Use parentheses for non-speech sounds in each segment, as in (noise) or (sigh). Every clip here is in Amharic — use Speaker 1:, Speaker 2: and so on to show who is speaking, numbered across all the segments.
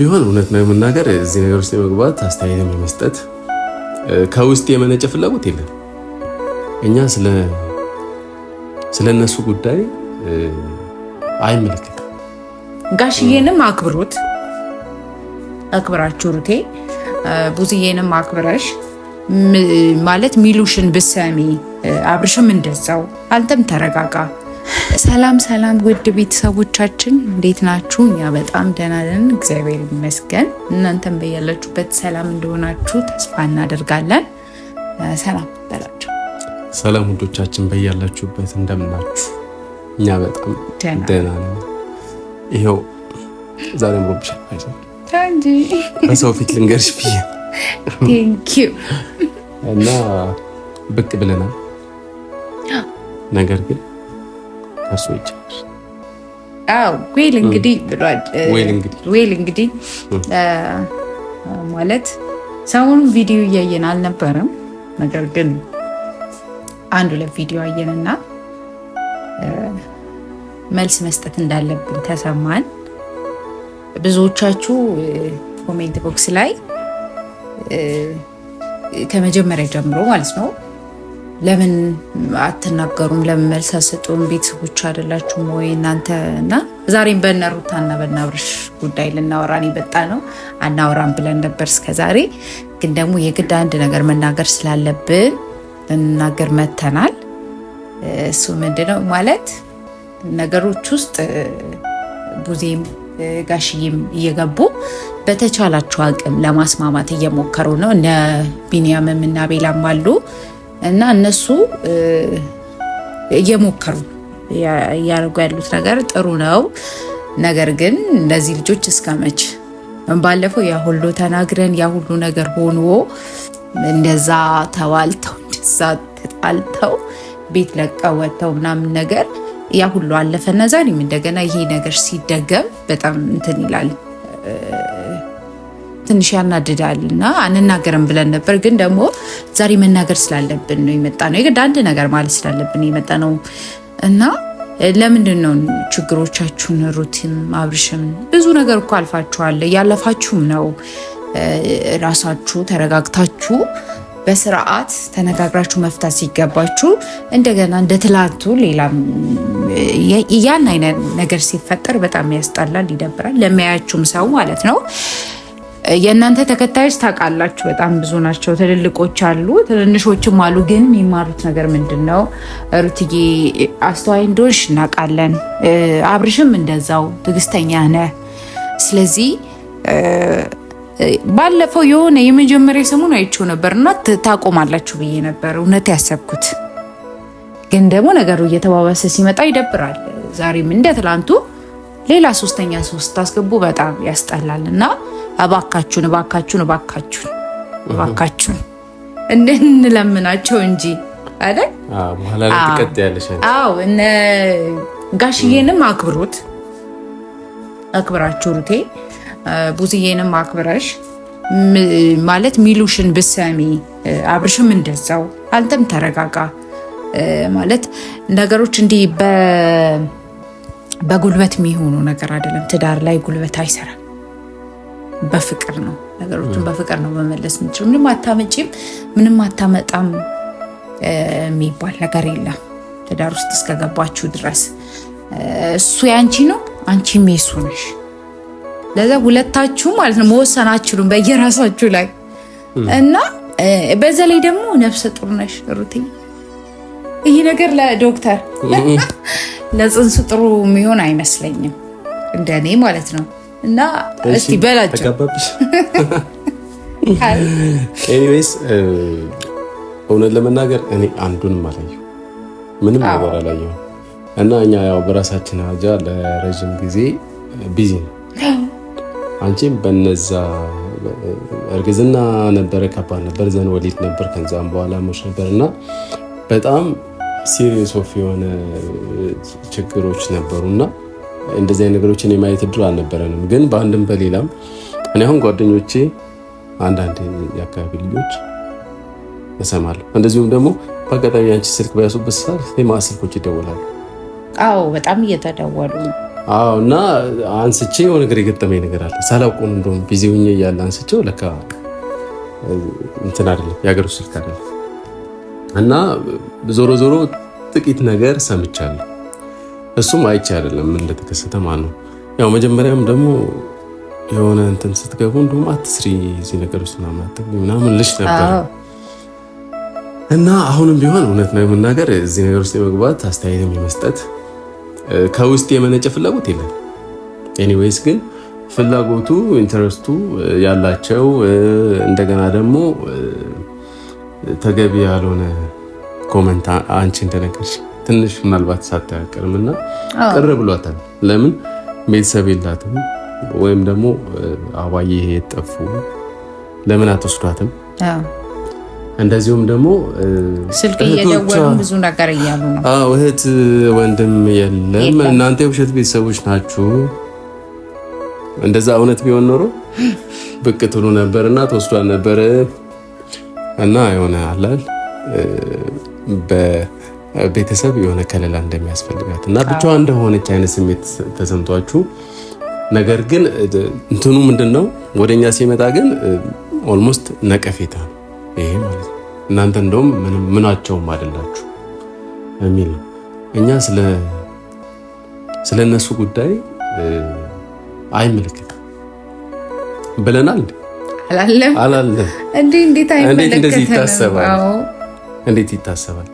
Speaker 1: ቢሆን እውነት ነው የምናገር እዚህ ነገር ውስጥ የመግባት አስተያየት የመስጠት ከውስጥ የመነጨ ፍላጎት የለም። እኛ ስለ እነሱ ጉዳይ አይመለከትም።
Speaker 2: ጋሽዬንም አክብሩት፣ አክብራችሁ ሩቴ ቡዝዬንም አክብረሽ ማለት ሚሉሽን ብሰሚ፣ አብርሽም እንደዛው፣ አንተም ተረጋጋ። ሰላም ሰላም፣ ውድ ቤተሰቦቻችን እንዴት ናችሁ? እኛ በጣም ደህና ነን፣ እግዚአብሔር ይመስገን። እናንተም በያላችሁበት ሰላም እንደሆናችሁ ተስፋ እናደርጋለን። ሰላም በላችሁ።
Speaker 1: ሰላም ውዶቻችን፣ በያላችሁበት እንደምናችሁ። እኛ በጣም ደህና ነን። ይኸው ዛሬ በሰው ፊት ልንገርሽ ብዬ እና ብቅ ብለናል ነገር ግን ከሱ ይጨምር።
Speaker 2: ዌል እንግዲህ ብሏል። ዌል እንግዲህ ማለት ሰውን ቪዲዮ እያየን አልነበረም። ነገር ግን አንድ ሁለት ቪዲዮ አየንና መልስ መስጠት እንዳለብን ተሰማን። ብዙዎቻችሁ ኮሜንት ቦክስ ላይ ከመጀመሪያ ጀምሮ ማለት ነው ለምን አትናገሩም? ለምን መልስ አትሰጡም? ቤተሰቦች አይደላችሁም ወይ እናንተ? እና ዛሬም በእነ እና በእነ አብርሽ ጉዳይ ልናወራ ነው ነው። አናወራም ብለን ነበር እስከዛሬ፣ ግን ደግሞ የግድ አንድ ነገር መናገር ስላለብን ልንናገር መተናል። እሱ ምንድነው ማለት ነገሮች ውስጥ ቡዜም ጋሽዬም እየገቡ በተቻላቸው አቅም ለማስማማት እየሞከሩ ነው። እነ ቢንያምም እና ቤላም አሉ እና እነሱ እየሞከሩ እያደረጉ ያሉት ነገር ጥሩ ነው። ነገር ግን እነዚህ ልጆች እስከመች ባለፈው ያ ሁሉ ተናግረን ያ ሁሉ ነገር ሆኖ እንደዛ ተባልተው እንደዛ ተጣልተው ቤት ለቀው ወጥተው ምናምን ነገር ያ ሁሉ አለፈና እንደገና ይሄ ነገር ሲደገም በጣም እንትን ይላል። ትንሽ ያናድዳል እና አንናገርም ብለን ነበር። ግን ደግሞ ዛሬ መናገር ስላለብን ነው የመጣ ነው፣ የግድ አንድ ነገር ማለት ስላለብን የመጣ ነው እና ለምንድን ነው ችግሮቻችሁን ሩትም አብርሽም ብዙ ነገር እኮ አልፋችኋል፣ እያለፋችሁም ነው። ራሳችሁ ተረጋግታችሁ በስርዓት ተነጋግራችሁ መፍታት ሲገባችሁ እንደገና እንደ ትላንቱ ሌላም ያን አይነት ነገር ሲፈጠር በጣም ያስጠላል፣ ይደብራል ለሚያያችሁም ሰው ማለት ነው። የእናንተ ተከታዮች ታውቃላችሁ፣ በጣም ብዙ ናቸው። ትልልቆች አሉ፣ ትንንሾችም አሉ። ግን የሚማሩት ነገር ምንድን ነው? ሩትዬ አስተዋይ እንደሆንሽ እናውቃለን። አብርሽም እንደዛው ትዕግስተኛ ነህ። ስለዚህ ባለፈው የሆነ የመጀመሪያ ሰሞን አይቼው ነበር እና ታቆማላችሁ ብዬ ነበር እውነት ያሰብኩት። ግን ደግሞ ነገሩ እየተባባሰ ሲመጣ ይደብራል። ዛሬም እንደ ትላንቱ ሌላ ሶስተኛ ሶስት ታስገቡ በጣም ያስጠላል እና እባካችሁን እባካችሁን እባካችሁን እባካችሁን እንለምናቸው እንጂ አይደል? አዎ እነ ጋሽዬንም አክብሩት፣ አክብራችሁ ሩቴ ቡዝዬንም አክብረሽ ማለት ሚሉሽን ብሰሚ፣ አብርሽም እንደዛው፣ አንተም ተረጋጋ ማለት ነገሮች እንዲህ በጉልበት የሚሆኑ ነገር አይደለም። ትዳር ላይ ጉልበት አይሰራም። በፍቅር ነው ነገሮችን በፍቅር ነው መመለስ የምችለው። ምንም አታመጪም ምንም አታመጣም የሚባል ነገር የለም። ትዳር ውስጥ እስከገባችሁ ድረስ እሱ ያንቺ ነው፣ አንቺም የሱ ነሽ። ለዛ ሁለታችሁ ማለት ነው መወሰን አችሉም በየራሳችሁ ላይ እና በዛ ላይ ደግሞ ነፍሰ ጡር ነሽ ሩቲ። ይህ ነገር ለዶክተር ለጽንስ ጥሩ የሚሆን አይመስለኝም እንደኔ ማለት ነው። እና እስቲ በላቸው (laughs)
Speaker 1: ኤኒዌይስ እውነት ለመናገር እኔ አንዱንም አላየሁ ምንም ነገር አላየሁ። እና እኛ ያው በራሳችን አጃ ለረዥም ጊዜ ቢዚ ነው። አንቺም በነዛ እርግዝና ነበረ፣ ከባድ ነበር፣ ዘን ወሊድ ነበር፣ ከዛም በኋላ ሞች ነበር እና በጣም ሲሪየስ ኦፍ የሆነ ችግሮች ነበሩና እንደዚህ ነገሮችን የማየት እድሉ አልነበረንም። ግን በአንድም በሌላም እኔ አሁን ጓደኞቼ አንዳንድ የአካባቢ ልጆች እሰማለሁ። እንደዚሁም ደግሞ በአጋጣሚ አንቺ ስልክ በያሱበት ሰዓት ቴማ ስልኮች ይደወላሉ።
Speaker 2: አዎ በጣም እየተደወሉ
Speaker 1: አዎ። እና አንስቼ የሆነ ነገር የገጠመኝ ነገር አለ ሳላውቁም እንደውም ቢዚ ሁኜ እያለ አንስቼው ለካ እንትን አይደለም የሀገር ውስጥ ስልክ አይደለም እና ዞሮ ዞሮ ጥቂት ነገር ሰምቻለሁ እሱም አይቼ አይደለም ምን እንደተከሰተ ማለት ነው። ያው መጀመሪያም ደግሞ የሆነ እንትን ስትገቡ እንደውም አትስሪ እዚህ ነገር ውስጥ ምናምን ልሽ ነበር እና አሁንም ቢሆን እውነት ነው የምናገር እዚህ ነገር ውስጥ የመግባት አስተያየትም የመስጠት ከውስጥ የመነጨ ፍላጎት የለም። ኤኒዌይስ ግን ፍላጎቱ ኢንተረስቱ ያላቸው እንደገና ደግሞ ተገቢ ያልሆነ ኮመንት አንቺ እንደነገርሽ ትንሽ ምናልባት ሳታያቀርምና ቅር ብሏታል። ለምን ቤተሰብ የላትም ወይም ደግሞ አባዬ የጠፉ ለምን አትወስዷትም? እንደዚሁም ደግሞ
Speaker 2: ስልክ እየደወሉ ብዙ ነገር እያሉ
Speaker 1: ነው። እህት ወንድም የለም። እናንተ የውሸት ቤተሰቦች ናችሁ። እንደዛ እውነት ቢሆን ኖሮ ብቅ ትሉ ነበር እና ተወስዷል ነበር እና የሆነ አላል ቤተሰብ የሆነ ከለላ እንደሚያስፈልጋት እና ብቻዋ እንደሆነች አይነት ስሜት ተሰምቷችሁ፣ ነገር ግን እንትኑ ምንድን ነው ወደኛ ሲመጣ ግን ኦልሞስት ነቀፌታ ይሄ ማለት ነው። እናንተ እንደውም ምናቸውም አይደላችሁ የሚል ነው። እኛ ስለ እነሱ ጉዳይ አይመለከት ብለናል። አላለም።
Speaker 2: እንዴት
Speaker 1: ይታሰባል?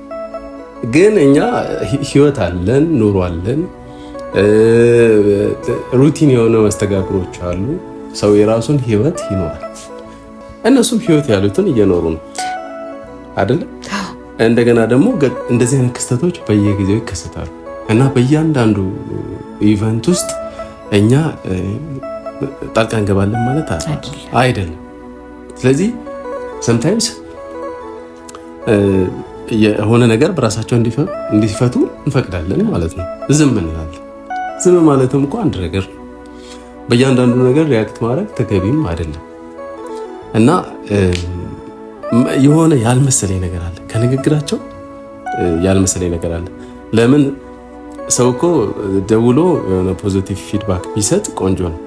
Speaker 1: ግን እኛ ህይወት አለን፣ ኑሮ አለን፣ ሩቲን የሆነ መስተጋብሮች አሉ። ሰው የራሱን ህይወት ይኖራል። እነሱም ህይወት ያሉትን እየኖሩ ነው አይደለም። እንደገና ደግሞ እንደዚህ አይነት ክስተቶች በየጊዜው ይከሰታሉ እና በእያንዳንዱ ኢቨንት ውስጥ እኛ ጣልቃ እንገባለን ማለት አይደለም። ስለዚህ ሰምታይምስ የሆነ ነገር በራሳቸው እንዲፈቱ እንፈቅዳለን ማለት ነው። ዝም እንላለን። ዝም ማለትም እኮ አንድ ነገር በእያንዳንዱ ነገር ሪያክት ማድረግ ተገቢም አይደለም እና የሆነ ያልመሰለኝ ነገር አለ፣ ከንግግራቸው ያልመሰለኝ ነገር አለ። ለምን ሰው እኮ ደውሎ የሆነ ፖዚቲቭ ፊድባክ ቢሰጥ ቆንጆ ነው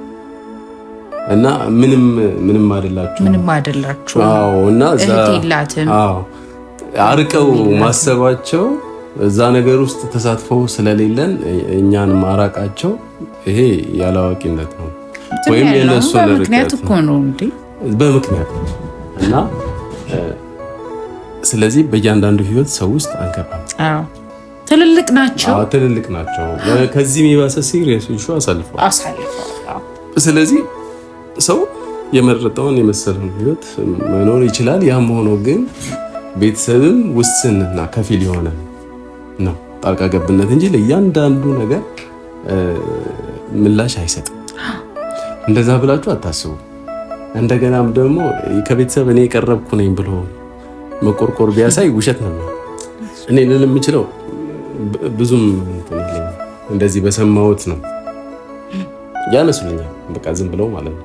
Speaker 1: እና ምንም ምንም አይደላችሁ
Speaker 2: ምንም አይደላችሁ
Speaker 1: እና አርቀው ማሰባቸው እዛ ነገር ውስጥ ተሳትፈው ስለሌለን እኛን ማራቃቸው ይሄ ያላዋቂነት ነው
Speaker 2: ወይም የነሱ ምክንያት እኮ ነው እንዴ
Speaker 1: በምክንያት እና ስለዚህ በእያንዳንዱ ህይወት ሰው ውስጥ አንገባም።
Speaker 2: ትልልቅ ናቸው
Speaker 1: ትልልቅ ናቸው። ከዚህ የሚባሰ ሲሪየስ ኢሹ አሳልፈዋል። ስለዚህ ሰው የመረጠውን የመሰለውን ህይወት መኖር ይችላል። ያም ሆኖ ግን ቤተሰብም ውስንና ከፊል የሆነ ነው ጣልቃ ገብነት እንጂ ለእያንዳንዱ ነገር ምላሽ አይሰጥም። እንደዛ ብላችሁ አታስቡ። እንደገናም ደግሞ ከቤተሰብ እኔ የቀረብኩ ነኝ ብሎ መቆርቆር ቢያሳይ ውሸት ነው። እኔ ልል የምችለው ብዙም እንደዚህ በሰማሁት ነው ያነሱልኛል። በቃ ዝም ብለው ማለት ነው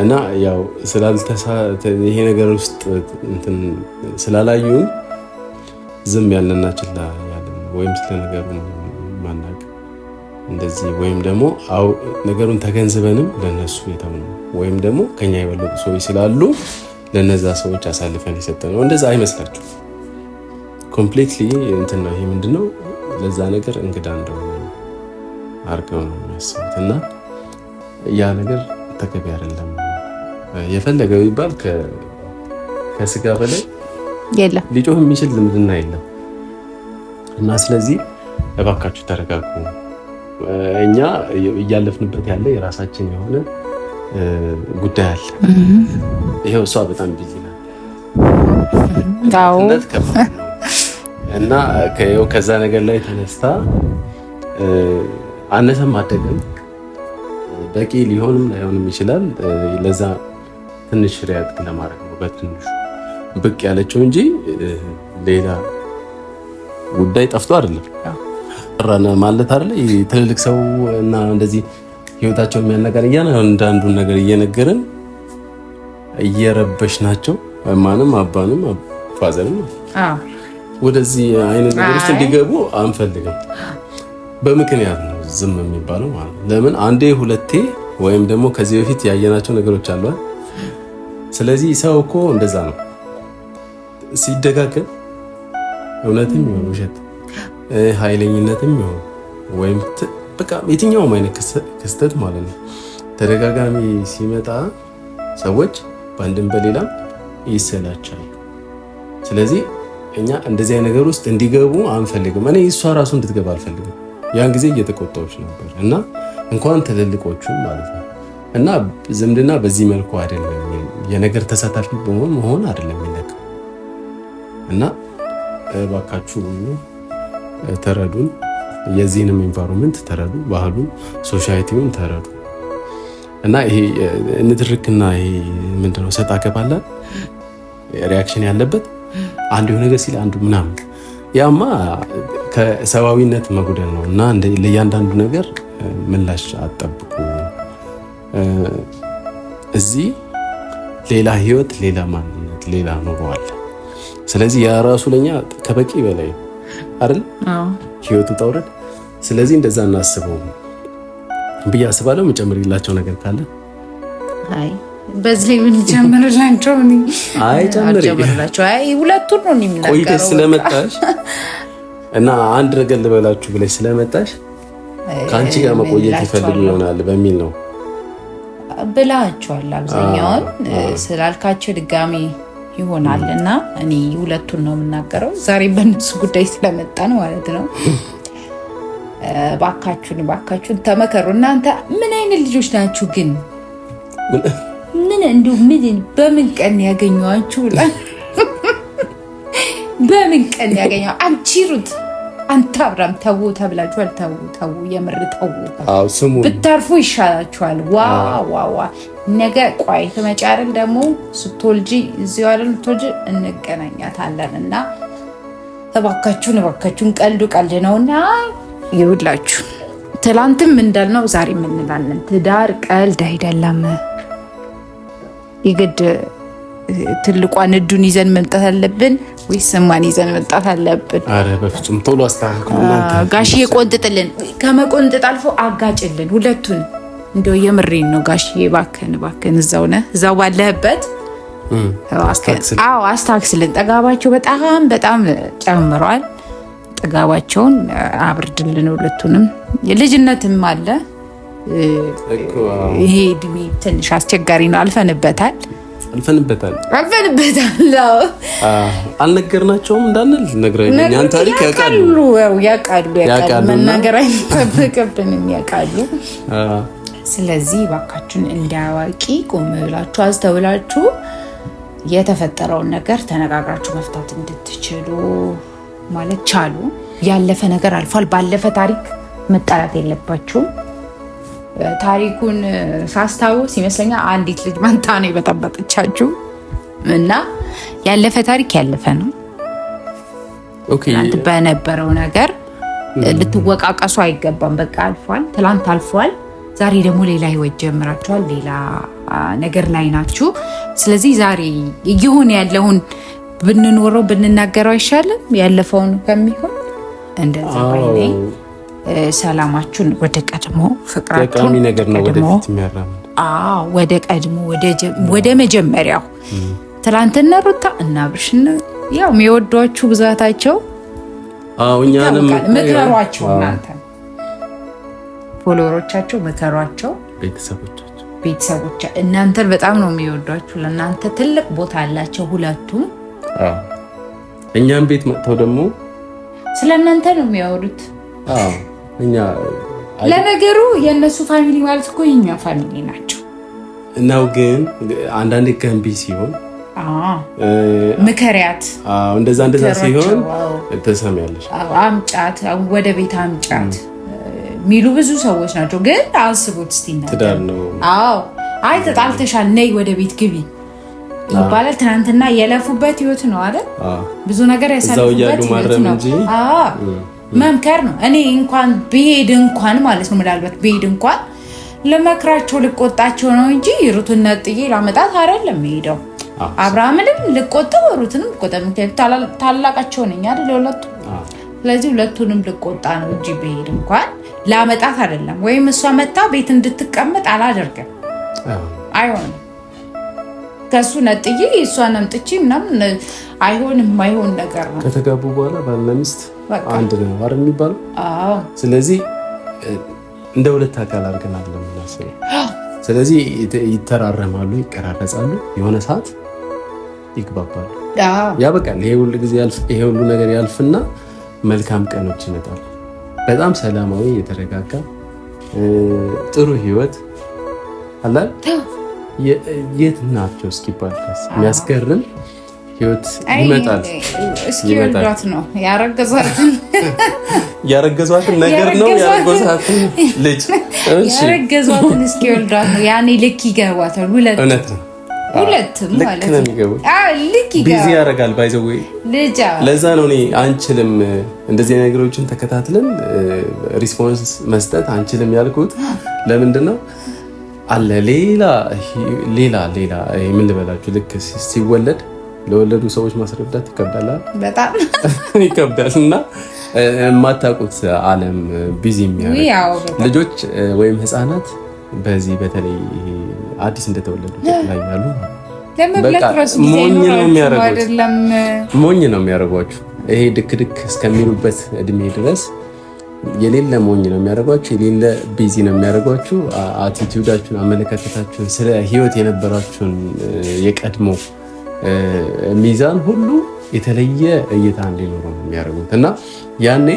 Speaker 1: እና ያው ይሄ ነገር ውስጥ እንትን ስላላዩን ዝም ያለና ችላ ያለን ወይም ስለ ነገሩ ማናቅ እንደዚህ ወይም ደግሞ ነገሩን ተገንዝበንም ለነሱ የተውነ ወይም ደግሞ ከኛ የበለጡ ሰዎች ስላሉ ለነዛ ሰዎች አሳልፈን የሰጠ እንደዛ አይመስላችሁ። ኮምፕሊትሊ እንትን ነው ይሄ ምንድነው ለዛ ነገር እንግዳ እንደሆነ አርገው ነው የሚያስቡት እና ያ ነገር ተገቢ አይደለም። የፈለገው ይባል ከስጋ በላይ የለም፣ ሊጮህ የሚችል ልምድና የለም። እና ስለዚህ እባካችሁ ተረጋጉ። እኛ እያለፍንበት ያለ የራሳችን የሆነ ጉዳይ አለ። ይሄው እሷ በጣም ቢዚ ናት እና ከዛ ነገር ላይ ተነስታ አነሰም አደገም በቂ ሊሆንም ላይሆንም ይችላል። ለዛ ትንሽ ሪያክት ለማድረግ ነው በትንሹ ብቅ ያለችው እንጂ ሌላ ጉዳይ ጠፍቶ አይደለም። ራና ማለት አለ ትልልቅ ሰው እና እንደዚህ ህይወታቸው የሚያነጋር እንዳንዱን ነገር እየነገርን እየረበሽ ናቸው ማንም አባንም ፋዘንም ወደዚህ አይነት ነገር ውስጥ እንዲገቡ አንፈልግም በምክንያት ነው። ዝም የሚባለው ማለት ነው። ለምን አንዴ ሁለቴ ወይም ደግሞ ከዚህ በፊት ያየናቸው ነገሮች አሉ። ስለዚህ ሰው እኮ እንደዛ ነው ሲደጋገም እውነትም ይሆን ውሸት፣ ኃይለኝነትም ይሆን ወይም በቃ የትኛውም አይነት ክስተት ማለት ነው ተደጋጋሚ ሲመጣ ሰዎች በአንድም በሌላም ይሰላቻል። ስለዚህ እኛ እንደዚህ አይነት ነገር ውስጥ እንዲገቡ አንፈልግም። እኔ እሷ ራሱ እንድትገባ አልፈልግም። ያን ጊዜ እየተቆጣዎች ነበር እና እንኳን ትልልቆቹም ማለት ነው እና ዝምድና በዚህ መልኩ አይደለም። የነገር ተሳታፊ በሆን መሆን አይደለም ይለቅ እና እባካችሁ ተረዱን፣ የዚህንም ኢንቫይሮንመንት ተረዱ፣ ባህሉን፣ ሶሳይቲውን ተረዱ እና ይሄ ንትርክና ይሄ ምንድነው ሰጥ አገባለ ሪያክሽን ያለበት አንድ የሆነ ነገር ሲል አንዱ ምናምን ያማ ከሰብአዊነት መጉደል ነው እና ለእያንዳንዱ ነገር ምላሽ አጠብቁ። እዚህ ሌላ ህይወት፣ ሌላ ማንነት፣ ሌላ ኑሮ አለ። ስለዚህ የራሱ ለኛ ከበቂ በላይ አይደል ህይወቱ ጠውረድ። ስለዚህ እንደዛ እናስበው ብዬ አስባለሁ። የምጨምርላቸው ነገር ካለ
Speaker 2: አይ በዚህ ምን ጨምርላቸው?
Speaker 1: አይ ጨምርላቸው።
Speaker 2: አይ ሁለቱን ነው
Speaker 1: የሚናገረው። ቆይተሽ ስለመጣሽ እና አንድ ነገር ልበላችሁ ብለሽ ስለመጣሽ ከአንቺ ጋር መቆየት ይፈልግ ይሆናል በሚል ነው
Speaker 2: ብላችኋል። አብዛኛውን ስላልካቸው ድጋሚ ይሆናል እና እኔ ሁለቱን ነው የምናገረው። ዛሬ በእነሱ ጉዳይ ስለመጣን ማለት ነው። ባካችሁን ባካችሁን ተመከሩ። እናንተ ምን አይነት ልጆች ናችሁ ግን? ምን እንዲሁ ምን በምን ቀን ያገኘዋችሁ ብላ በምን ቀን ያገኘው? አንቺ ሩት አንተ አብራም ተዉ ተብላችኋል። ተዉ ተዉ፣ የምር ተዉ። ስሙ ብታርፉ ይሻላችኋል። ዋ ዋ ዋ ነገ ቆይ ትመጫርን ደግሞ ስትወልጂ እዚሁ አይደል ስትወልጂ እንገናኛታለን። እና እባካችሁን እባካችሁን፣ ቀልዱ ቀልድ ነው እና ይውላችሁ። ትላንትም እንዳልነው ዛሬ የምንላለን ትዳር ቀልድ አይደለም። የግድ ትልቋን እዱን ይዘን መምጣት አለብን። ዊስማን ይዘን መጣት አለብን?
Speaker 1: አረ በፍጹም ቶሎ አስተካክሉ።
Speaker 2: ጋሽዬ ቆንጥጥልን፣ ከመቆንጥጥ አልፎ አጋጭልን ሁለቱን። እንደው የምሬን ነው ጋሽዬ፣ እባክህን እባክህን፣ እዛው ነህ እዛው ባለህበት አዎ አስታክስልን። ጠጋባቸው በጣም በጣም ጨምሯል። ጠጋባቸውን አብርድልን ሁለቱንም። ልጅነትም አለ ይሄ እድሜ ትንሽ አስቸጋሪ ነው፣ አልፈንበታል አልፈንበታል አልፈንበታል።
Speaker 1: አልነገርናቸውም እንዳንል ነግረኛን
Speaker 2: ታሪክ ያውቃሉ ያውቃሉ ያውቃሉ መናገር አይጠበቅብንም ያውቃሉ። ስለዚህ እባካችሁን እንዲያዋቂ ቆም ብላችሁ አስተውላችሁ የተፈጠረውን ነገር ተነጋግራችሁ መፍታት እንድትችሉ ማለት ቻሉ። ያለፈ ነገር አልፏል። ባለፈ ታሪክ መጣላት የለባችሁም። ታሪኩን ሳስታውስ ይመስለኛል አንዲት ልጅ መንታ ነው የበጠበጠቻችሁ እና ያለፈ ታሪክ ያለፈ ነው። በነበረው ነገር ልትወቃቀሱ አይገባም። በቃ አልፏል፣ ትላንት አልፏል። ዛሬ ደግሞ ሌላ ህይወት ጀምራችኋል፣ ሌላ ነገር ላይ ናችሁ። ስለዚህ ዛሬ እየሆነ ያለውን ብንኖረው ብንናገረው አይሻልም? ያለፈውን ከሚሆን እንደዛ ሰላማችሁን ወደ ቀድሞ ፍቅራችሁን ወደ ቀድሞ ወደ መጀመሪያው ትላንትና ሩታ እና ብርሽን ያው የሚወዷችሁ ብዛታቸው ምከሯቸው፣ እናንተ ፎሎወሮቻቸው ምከሯቸው፣ ቤተሰቦቻቸው እናንተን በጣም ነው የሚወዷችሁ። ለእናንተ ትልቅ ቦታ አላቸው ሁለቱም።
Speaker 1: እኛም ቤት መጥተው ደግሞ
Speaker 2: ስለ እናንተ ነው የሚያወሩት። እኛ ለነገሩ የእነሱ ፋሚሊ ማለት እኮ የኛ ፋሚሊ ናቸው።
Speaker 1: ነው ግን አንዳንዴ ገንቢ ሲሆን ምከሪያት፣ እንደዛ እንደዛ ሲሆን ትሰሚያለሽ፣
Speaker 2: አምጫት፣ ወደ ቤት አምጫት የሚሉ ብዙ ሰዎች ናቸው። ግን አስቡት እስቲ ትዳር ነው። አዎ አይ ተጣልተሻል፣ ነይ ወደ ቤት ግቢ ይባላል። ትናንትና የለፉበት ህይወት ነው አይደል? ብዙ ነገር
Speaker 1: ያሳለፉበት ህይወት ነው።
Speaker 2: መምከር ነው። እኔ እንኳን ብሄድ እንኳን ማለት ነው ምናልባት ብሄድ እንኳን ልመክራቸው ልቆጣቸው ነው እንጂ ሩትን ነጥዬ ላመጣት አይደለም የምሄደው። አብርሃምንም ልቆጠው ሩትንም ልቆጣ፣ ምክንያቱም ታላቃቸው ነኝ አይደል ለሁለቱ። ስለዚህ ሁለቱንም ልቆጣ ነው እንጂ ብሄድ እንኳን ላመጣት አይደለም። ወይም እሷ መታ ቤት እንድትቀመጥ አላደርግም፣ አይሆንም። ከእሱ ነጥዬ እሷን አምጥቼ ምናምን አይሆንም፣ አይሆን ነገር ነው።
Speaker 1: ከተጋቡ በኋላ ባለሚስት አንድ ነው አይደል የሚባለው? አዎ። ስለዚህ እንደ ሁለት አካል አድርገን አይደለም ስለዚህ ይተራረማሉ፣ ይቀራረጻሉ፣ የሆነ ሰዓት ይግባባሉ። ያ በቃ ይሄ ሁሉ ጊዜ ይሄ ሁሉ ነገር ያልፍና መልካም ቀኖች ይመጣሉ። በጣም ሰላማዊ የተረጋጋ ጥሩ ህይወት አላል የት ናቸው እስኪባል የሚያስገርም ህይወት ይመጣል።
Speaker 2: እስኪ ነው ያረገዟትን
Speaker 1: (laughs) ያረገዟትን ነገር ነው ያረገዟትን ልጅ
Speaker 2: ያረገዟትን እስኪ ወልዷት ነው ያኔ ልክ ይገባታል። ሁለት እውነት ነው የሚገቡት። ልክ
Speaker 1: ቢዚ ያደርጋል። ባይዘዌ ለዛ ነው እኔ አንችልም እንደዚህ ነገሮችን ተከታትለን ሪስፖንስ መስጠት አንችልም ያልኩት ለምንድን ነው አለ ሌላ ሌላ ሌላ ምን ልክ ሲወለድ ለወለዱ ሰዎች ማስረዳት ይከብዳል፣ በጣም (laughs) ይከብዳል። እና የማታውቁት ዓለም ቢዚ የሚያደርግ ልጆች ወይም ህፃናት በዚህ በተለይ አዲስ እንደተወለዱ ላይ ያሉ ሞኝ ነው የሚያደርጓችሁ፣ ይሄ ድክ ድክ እስከሚሉበት እድሜ ድረስ የሌለ ሞኝ ነው የሚያደርጓችሁ፣ የሌለ ቢዚ ነው የሚያደርጓችሁ። አቲቲዩዳችሁን፣ አመለካከታችሁን፣ ስለ ህይወት የነበራችሁን የቀድሞ ሚዛን ሁሉ የተለየ እይታ እንዲኖረው ነው የሚያደርጉት እና ያኔ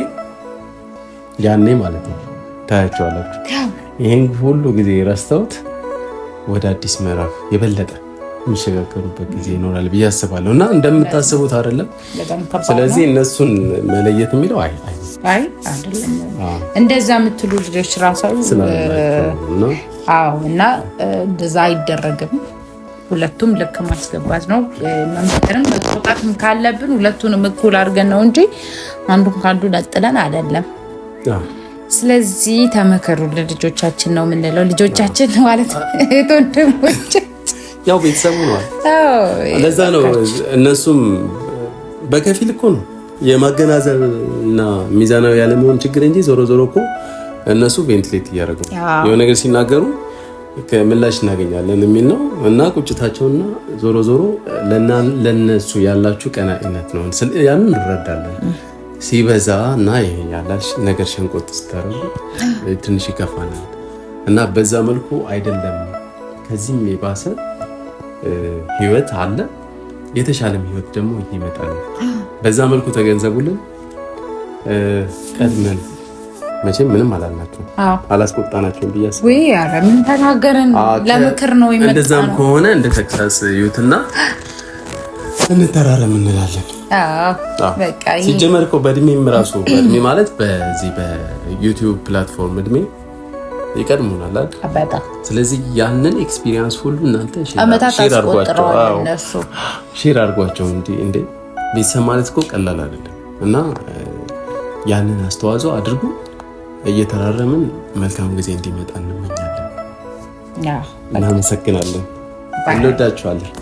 Speaker 1: ያኔ ማለት ነው ታያቸዋላችሁ። ይህን ሁሉ ጊዜ ረስተውት ወደ አዲስ ምዕራፍ የበለጠ የሚሸጋገሩበት ጊዜ ይኖራል ብዬ አስባለሁ እና እንደምታስቡት አይደለም። ስለዚህ እነሱን መለየት የሚለው አይ
Speaker 2: አይ አይደለም እንደዛ የምትሉ ልጆች ራሳዊ እና እንደዛ አይደረግም። ሁለቱም ልክ ማስገባት ነው። መምከርም መቆጣትም ካለብን ሁለቱንም እኩል አድርገን ነው እንጂ አንዱን ከአንዱ ነጥለን አይደለም። ስለዚህ ተመከሩ ለልጆቻችን ነው የምንለው። ልጆቻችን ማለት ወንድሞች
Speaker 1: ያው ቤተሰቡ ነው። ለዛ ነው እነሱም በከፊል እኮ ነው የማገናዘብ እና ሚዛናዊ ያለመሆን ችግር እንጂ ዞሮ ዞሮ እኮ እነሱ ቬንትሌት እያደረጉ የሆነ ነገር ሲናገሩ ምላሽ እናገኛለን የሚል ነው እና ቁጭታቸውና ዞሮ ዞሮ ለነሱ ያላችሁ ቀናኢነት ነው። ያንን እንረዳለን። ሲበዛ እና ይሄ ያላሽ ነገር ሸንቆጥ ስታደርጉ ትንሽ ይከፋናል እና በዛ መልኩ አይደለም። ከዚህም የባሰ ህይወት አለ። የተሻለም ህይወት ደግሞ ይመጣል። በዛ መልኩ ተገንዘቡልን ቀድመን መቼም ምንም አላልናቸውም፣ አላስቆጣናቸውም ብያስ
Speaker 2: አስቤ ምን ተናገርን? ለምክር ነው የመጣነው።
Speaker 1: እንደዛም ከሆነ እንደ ተክሳስ ዩትና እንተራረም እንላለን። ሲጀመር እኮ በእድሜም ራሱ በእድሜ ማለት በዚህ በዩቲዩብ ፕላትፎርም እድሜ ይቀድሙናል ስለዚህ ያንን ኤክስፒሪየንስ ሁሉ እናንተ ሼር አድርጓቸው፣ ሼር እንዴ ቤተሰብ ማለት እኮ ቀላል አይደለም እና ያንን አስተዋጽኦ አድርጉ። እየተራረምን መልካም ጊዜ እንዲመጣ እንመኛለን። እናመሰግናለን። እንወዳችኋለን።